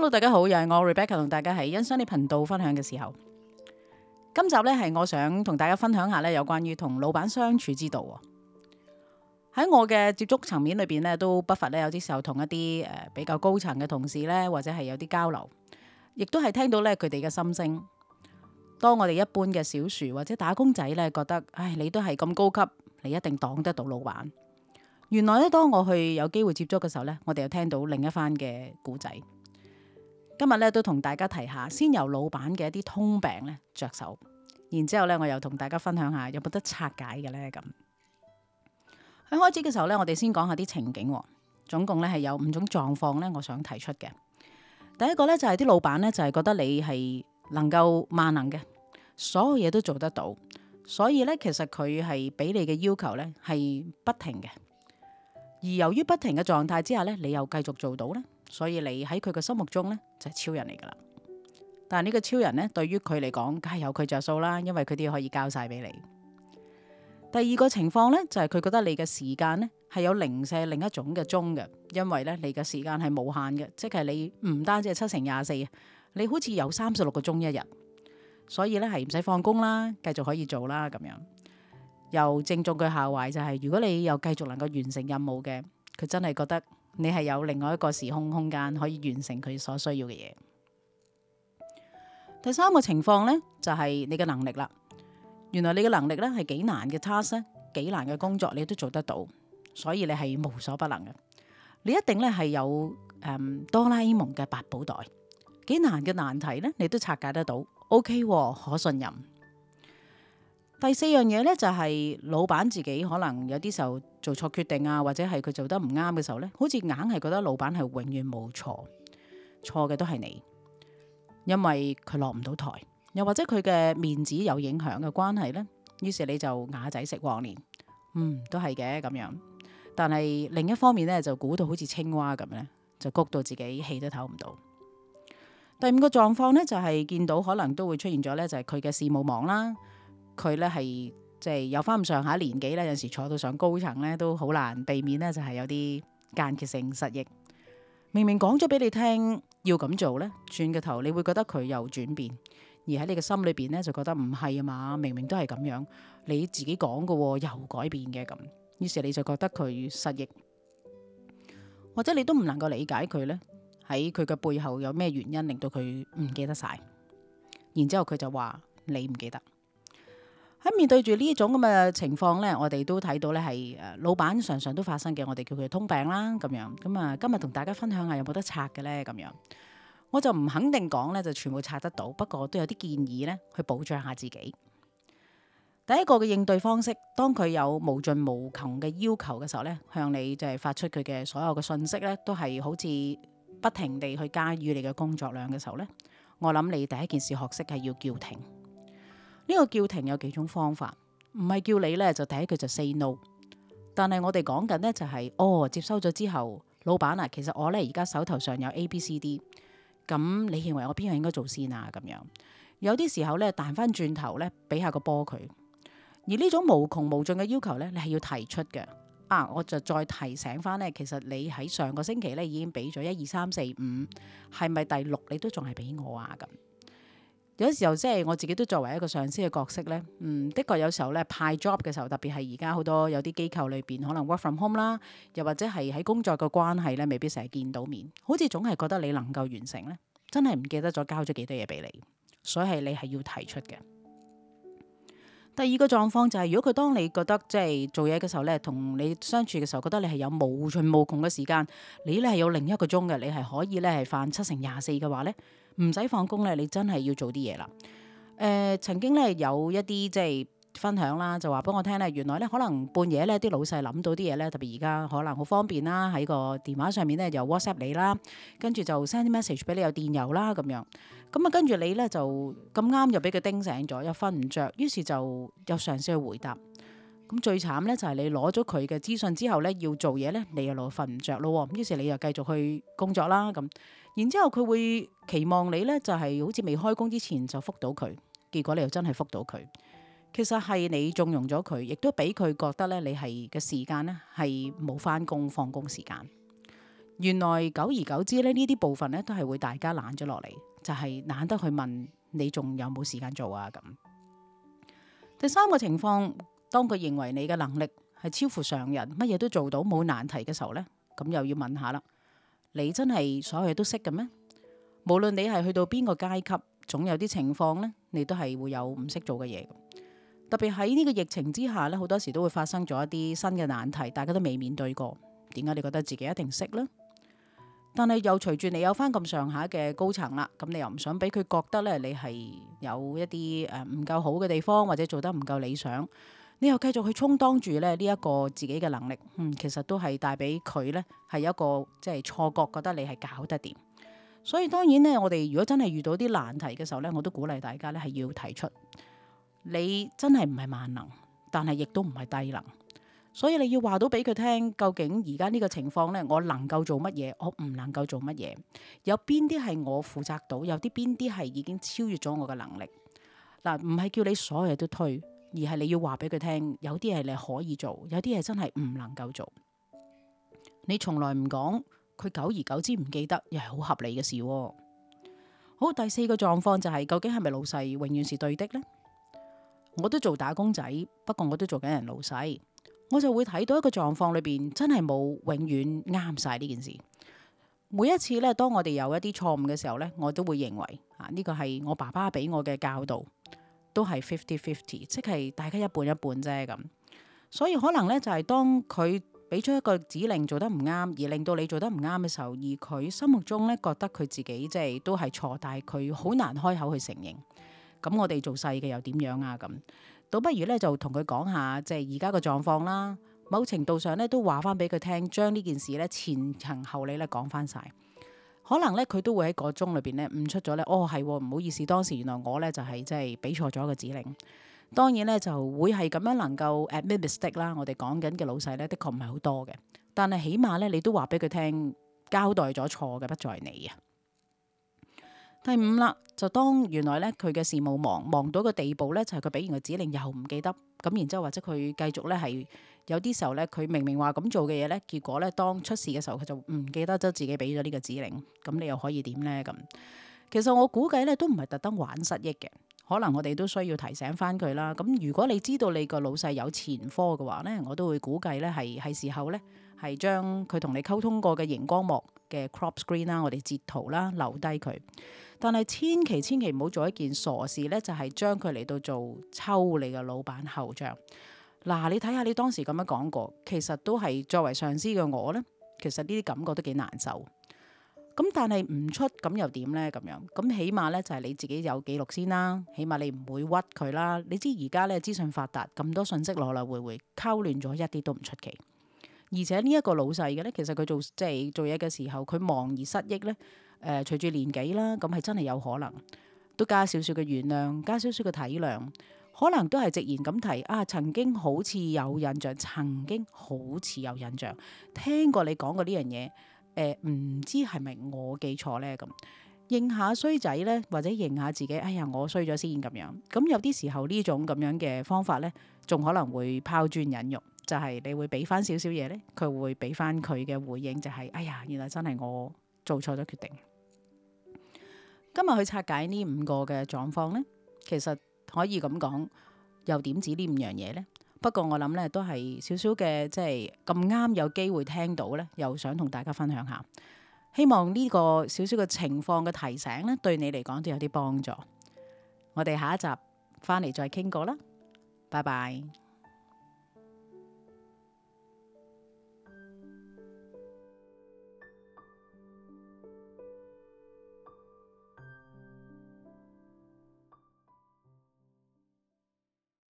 Hello，大家好，又係我 Rebecca 同大家喺欣賞你頻道分享嘅時候。今集咧係我想同大家分享下咧有關於同老闆相處之道喎。喺我嘅接觸層面裏邊咧，都不乏咧有啲時候同一啲誒比較高層嘅同事咧，或者係有啲交流，亦都係聽到咧佢哋嘅心聲。當我哋一般嘅小樹或者打工仔咧，覺得唉，你都係咁高級，你一定擋得到老闆。原來咧，當我去有機會接觸嘅時候咧，我哋又聽到另一番嘅故仔。今日咧都同大家提下，先由老闆嘅一啲通病咧着手，然之後咧我又同大家分享下有冇得拆解嘅咧咁。喺開始嘅時候咧，我哋先講下啲情景，總共咧係有五種狀況咧，我想提出嘅。第一個咧就係啲老闆咧就係覺得你係能夠萬能嘅，所有嘢都做得到，所以咧其實佢係俾你嘅要求咧係不停嘅，而由於不停嘅狀態之下咧，你又繼續做到咧。所以你喺佢嘅心目中呢，就係、是、超人嚟噶啦。但係呢個超人呢，對於佢嚟講，梗係有佢着數啦，因為佢啲嘢可以交晒俾你。第二個情況呢，就係、是、佢覺得你嘅時間呢，係有零舍另一種嘅鐘嘅，因為呢，你嘅時間係無限嘅，即係你唔單止係七成廿四，你好似有三十六個鐘一日。所以呢，係唔使放工啦，繼續可以做啦咁樣。又正中佢下懷就係、是，如果你又繼續能夠完成任務嘅，佢真係覺得。你係有另外一個時空空間可以完成佢所需要嘅嘢。第三個情況呢，就係、是、你嘅能力啦。原來你嘅能力呢，係幾難嘅 task 咧，幾難嘅工作你都做得到，所以你係無所不能嘅。你一定呢，係有誒哆啦 A 夢嘅百寶袋，幾難嘅難題呢，你都拆解得到。OK，可信任。第四樣嘢呢，就係老闆自己可能有啲時候做錯決定啊，或者係佢做得唔啱嘅時候呢，好似硬係覺得老闆係永遠冇錯，錯嘅都係你，因為佢落唔到台，又或者佢嘅面子有影響嘅關係呢，於是你就啞仔食黃連，嗯，都係嘅咁樣。但係另一方面呢，就估到好似青蛙咁呢，就谷到自己氣都唞唔到。第五個狀況呢，就係見到可能都會出現咗呢，就係佢嘅事務忙啦。佢咧係即係有翻咁上下年紀咧，有陣時坐到上高層咧，都好難避免咧，就係有啲間歇性失憶。明明講咗俾你聽要咁做咧，轉個頭你會覺得佢又轉變，而喺你嘅心裏邊咧就覺得唔係啊嘛。明明都係咁樣，你自己講嘅又改變嘅咁，於是你就覺得佢失憶，或者你都唔能夠理解佢咧，喺佢嘅背後有咩原因令到佢唔記得晒，然之後佢就話你唔記得。喺面對住呢一種咁嘅情況呢，我哋都睇到呢係誒老闆常常都發生嘅，我哋叫佢通病啦咁樣。咁啊，今日同大家分享下有冇得拆嘅呢？咁樣，我就唔肯定講呢，就全部拆得到，不過都有啲建議呢，去保障下自己。第一個嘅應對方式，當佢有無盡無窮嘅要求嘅時候呢，向你就係發出佢嘅所有嘅信息呢，都係好似不停地去加於你嘅工作量嘅時候呢，我諗你第一件事學識係要叫停。呢個叫停有幾種方法，唔係叫你咧就第一句就 say no，但係我哋講緊呢就係，哦，接收咗之後，老闆啊，其實我呢而家手頭上有 A、B、C、D，咁你認為我邊樣應該做先啊？咁樣有啲時候呢彈翻轉頭呢，俾下個波佢，而呢種無窮無盡嘅要求呢，你係要提出嘅。啊，我就再提醒翻呢，其實你喺上個星期呢已經俾咗一二三四五，係咪第六你都仲係俾我啊？咁。有時候即係、就是、我自己都作為一個上司嘅角色咧，嗯，的確有時候咧派 job 嘅時候，特別係而家好多有啲機構裏邊可能 work from home 啦，又或者係喺工作嘅關係咧，未必成日見到面，好似總係覺得你能夠完成咧，真係唔記得咗交咗幾多嘢俾你，所以係你係要提出嘅。第二個狀況就係、是、如果佢當你覺得即係、就是、做嘢嘅時候咧，同你相處嘅時候覺得你係有無盡無窮嘅時間，你咧係有另一個鐘嘅，你係可以咧係犯七成廿四嘅話咧。唔使放工咧，你真係要做啲嘢啦。誒、呃，曾經咧有一啲即係分享啦，就話俾我聽咧，原來咧可能半夜咧啲老細諗到啲嘢咧，特別而家可能好方便啦，喺個電話上面咧又 WhatsApp 你啦，跟住就 send 啲 message 俾你有電郵啦咁樣。咁啊，跟住你咧就咁啱又俾佢叮醒咗，又瞓唔着，於是就又嘗試去回答。咁最慘咧就係你攞咗佢嘅資訊之後咧，要做嘢咧，你又攞瞓唔着咯，咁於是你又繼續去工作啦，咁，然之後佢會期望你咧，就係好似未開工之前就覆到佢，結果你又真係覆到佢，其實係你縱容咗佢，亦都俾佢覺得咧，你係嘅時間呢，係冇翻工放工時間。原來久而久之咧，呢啲部分呢，都係會大家懶咗落嚟，就係懶得去問你仲有冇時間做啊咁。第三個情況。當佢認為你嘅能力係超乎常人，乜嘢都做到冇難題嘅時候呢，咁又要問下啦。你真係所有嘢都識嘅咩？無論你係去到邊個階級，總有啲情況呢，你都係會有唔識做嘅嘢。特別喺呢個疫情之下呢，好多時都會發生咗一啲新嘅難題，大家都未面對過。點解你覺得自己一定識呢？但係又隨住你有翻咁上下嘅高層啦，咁你又唔想俾佢覺得呢，你係有一啲誒，唔夠好嘅地方，或者做得唔夠理想。你又繼續去充當住咧呢一個自己嘅能力，嗯，其實都係帶俾佢咧係一個即係錯覺，覺得你係搞得掂。所以當然咧，我哋如果真係遇到啲難題嘅時候咧，我都鼓勵大家咧係要提出，你真係唔係萬能，但係亦都唔係低能，所以你要話到俾佢聽，究竟而家呢個情況咧，我能夠做乜嘢，我唔能夠做乜嘢，有邊啲係我負責到，有啲邊啲係已經超越咗我嘅能力。嗱，呃，唔係叫你所有嘢都推。而係你要話俾佢聽，有啲嘢你可以做，有啲嘢真係唔能夠做。你從來唔講，佢久而久之唔記得，又係好合理嘅事，哦。好，第四個狀況就係、是，究竟係咪老細永遠是對的呢？我都做打工仔，不過我都做緊人老細，我就會睇到一個狀況裏邊真係冇永遠啱晒呢件事。每一次呢，當我哋有一啲錯誤嘅時候呢，我都會認為啊，呢、這個係我爸爸俾我嘅教導。都係 fifty-fifty，即係大家一半一半啫。咁所以可能呢，就係當佢俾出一個指令做得唔啱，而令到你做得唔啱嘅時候，而佢心目中呢，覺得佢自己即係都係錯，但係佢好難開口去承認。咁我哋做細嘅又點樣啊？咁倒不如呢，就同佢講下即係而家嘅狀況啦。某程度上呢，都話翻俾佢聽，將呢件事呢，前因後理咧講翻晒。.可能咧佢都會喺個鐘裏邊咧誤出咗，咧，哦，係唔好意思，當時原來我咧就係即係俾錯咗個指令，當然咧就會係咁樣能夠誒 admit mistake 啦。我哋講緊嘅老細咧，的確唔係好多嘅，但係起碼咧你都話俾佢聽，交代咗錯嘅不在你啊。第五啦，就當原來咧佢嘅事務忙忙到個地步咧，就係佢俾完個指令又唔記得咁，然之後或者佢繼續咧係有啲時候咧，佢明明話咁做嘅嘢咧，結果咧當出事嘅時候佢就唔記得咗自己俾咗呢個指令，咁你又可以點呢？咁其實我估計咧都唔係特登玩失憶嘅，可能我哋都需要提醒翻佢啦。咁如果你知道你個老細有前科嘅話呢，我都會估計咧係係時候咧係將佢同你溝通過嘅熒光幕嘅 crop screen 啦，我哋截圖啦，留低佢。但係千祈千祈唔好做一件傻事呢，就係將佢嚟到做抽你嘅老闆後像。嗱、啊。你睇下你當時咁樣講過，其實都係作為上司嘅我呢，其實呢啲感覺都幾難受。咁但係唔出咁又點呢？咁樣咁起碼呢就係、是、你自己有記錄先啦，起碼你唔會屈佢啦。你知而家呢資訊發達，咁多信息來來回回溝亂咗一啲都唔出奇。而且呢一個老細嘅咧，其實佢做即係、就是、做嘢嘅時候，佢忙而失憶咧，誒、呃、隨住年紀啦，咁係真係有可能都加少少嘅原諒，加少少嘅體諒，可能都係直言咁提啊，曾經好似有印象，曾經好似有印象，聽過你講過呢樣嘢，誒、呃、唔知係咪我記錯咧咁，認下衰仔咧，或者認下自己，哎呀我衰咗先咁樣，咁有啲時候呢種咁樣嘅方法咧，仲可能會拋磚引玉。就係你會俾翻少少嘢呢，佢會俾翻佢嘅回應、就是，就係哎呀，原來真係我做錯咗決定。今日去拆解呢五個嘅狀況呢，其實可以咁講，又點止呢五樣嘢呢？不過我諗呢都係少少嘅，即係咁啱有機會聽到呢，又想同大家分享下。希望呢個少少嘅情況嘅提醒呢，對你嚟講都有啲幫助。我哋下一集翻嚟再傾過啦，拜拜。